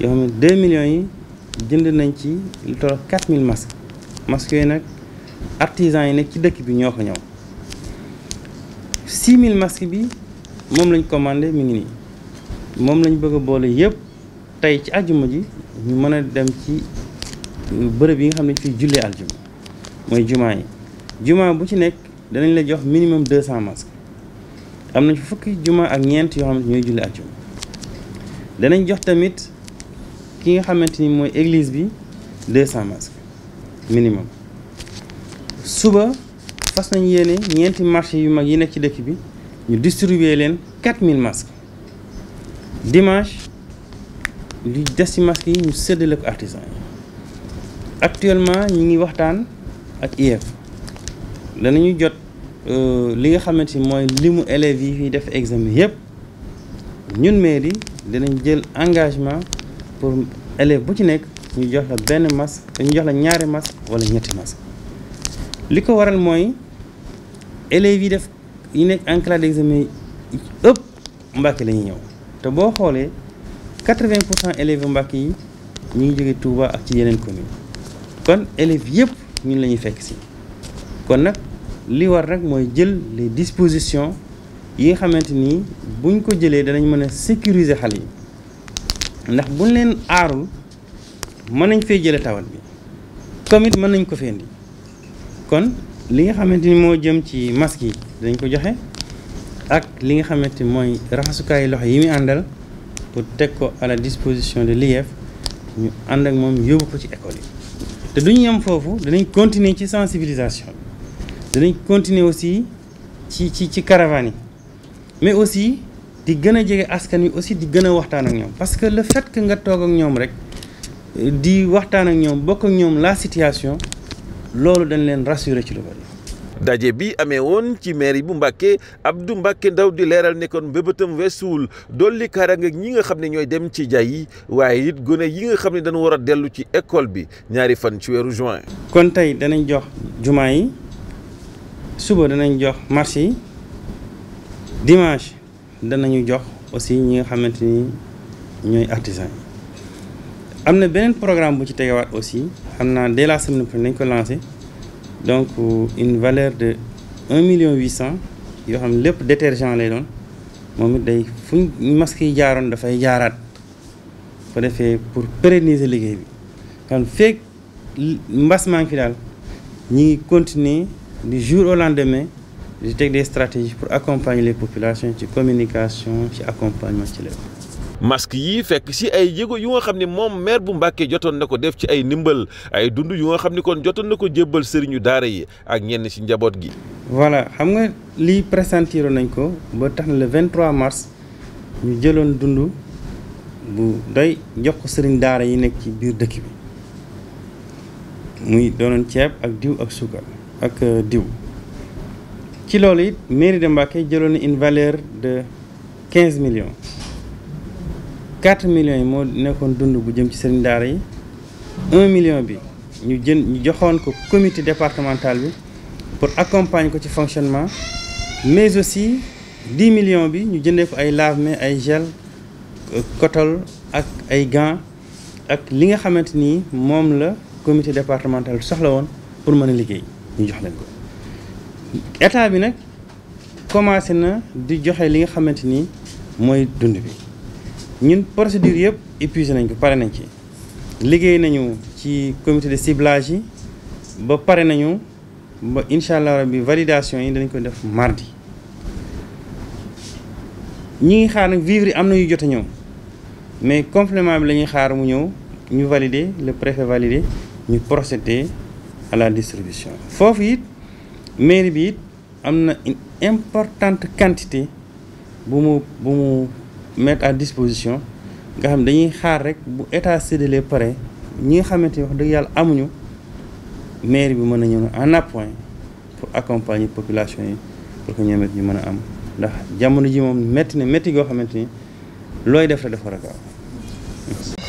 yoo xam ne 2 millions yi jënd nañ ci lu toll 4000 masques masques yooyu nag artisans yi nekk ci dëkk bi ñoo ko ñëw 6000 masques bi moom lañ commandé mi ngi nii moom lañ bëgg a boole yëpp tey ci àjjuma ji ñu mën a dem ci bërëb yi nga xam ne fii jullee àjjuma mooy jumaa yi jumaa bu ci nekk danañ la jox minimum 200 masques am nañ fa fukki jumaa ak ñeent yoo xam ne ñooy jullee àjjuma danañ jox tamit. ki nga xamanteni moy église bi 200 masques minimum suba fas nañ yéene ñeenti marché yu mag yi nekk ci dëkk bi ñu distribuer leen 4000 masques dimanche li des ci masques yi ñu séddale ko artisan yi actuellement ñu ngi waxtaan ak IEF danañu jot euh, li nga xamante ni mooy limu élèves yi fi def examen yépp ñun mairie danañ jël engagement pour élève bu ci nekk ñu jox la benn masque ñu jox la ñaari masque wala ñetti masque li ko waral mooy élèves yi def yi nekk en classe d'examen yi ëpp Mbàkke la ñuy ñëw te boo xoolee quatre-vingt pour cent élèves Mbàkke yi ñu ngi jóge Touba ak ci yeneen commune kon élèves yëpp ñun la ñuy fekk si kon nag li war rek mooy jël les dispositions yi nga xamante ni buñ ko jëlee danañ mën a sécuriser xale yi ndax buñ leen aarul mën nañ comme nañ ko kon li nga jëm ci masque yi dañ ko ak li nga pour à la disposition de l'IEF ñu ànd ak moom yóbbu ko ci école yi duñu continuer sensibilisation continuer aussi ci ci mais aussi di gën a jege askan wi aussi di gën a waxtaan ak ñoom parce que le fait nga toog ak ñoom rek di waxtaan ak ñoom bokk ñoom la situation loolu dañ leen rassurer ci lu bari. daje bi amee woon ci mairie bu Mbàkke Abdou Mbàkke Ndaw di leeral ne kon mbébétam weesuwul dolli kaaraange ñi nga xam ne ñooy dem ci jaay yi waaye it gone yi nga xam ne dañu war a dellu ci école bi ñaari fan ci weeru juin. kon tey danañ jox jumaa yi suba danañ jox marché yi dimanche. danañu jox aussi ñi nga xamante ni ñooy artisans yi am na beneen programme bu ci tegewaat aussi xam naa dès la semaine prochaine nañ ko lancé donc euh, une valeur de 1 million 800. cent yoo xam lépp détergent lay doon moom it day fuñ masque yi jaaroon dafay jaaraat ko defee pour pérenniser liggéey bi kon feeg mbas maa ngi fi daal ñi ngi continuer du jour au lendemain je teg des stratégies pour accompagner les populations ci communication ci accompagnement ci lépp. masque yi fekk si ay yego yu nga xamni mom moom maire bu Mbàkke jotoon na ko def ci ay ndimbal ay dund yu nga xamni kon jotoon na ko jébbal sëriñu daara yi ak ñenn ci njabot gi. voilà xam nga li présentiroon nañ ko ba tax na le 23 mars ñu jëloon dund bu doy jox ko serigne daara yi nek ci biir dëkk bi muy donon ceeb ak diw ak suukar ak euh, diw. Kiloli, mairie de Mbaké, a une valeur de 15 millions. 4 millions de dollars ont été mis 1 million de dollars. Nous avons un comité départemental pour accompagner le fonctionnement. Mais aussi, 10 millions de dollars ont été mis en place gel, cotol, gants. Et ce que vous savez, c'est comité départemental pour les gays. Nous avons un état bi nak commencé na di joxe li nga xamanteni moy dund bi ñun procédure yëpp épuisé nañ ko paré nañ ci liggéey nañu ci comité de ciblage yi ba paré nañu ba inshallah allah rabbi validation yi dañ ko def mardi ñi ngi xaar nak vivre yi am na yu jotta ñew mais complément bi lañuy xaar mu ñew ñu valider le préfet valider ñu procéder à la distribution fofu it mairie bi it am na une importante quantité bu mu bu mu mettre à disposition nga xam dañuy xaar rek bu état cédé les pare ñi nga xamante wax dëgg yàlla amuñu mairie bi mën a ñëw en appoint pour accompagner population yi pour que ñoom it ñu mën a am ndax jamono ji moom métti na métti goo xamante ni looy def rek dafa war a gaaw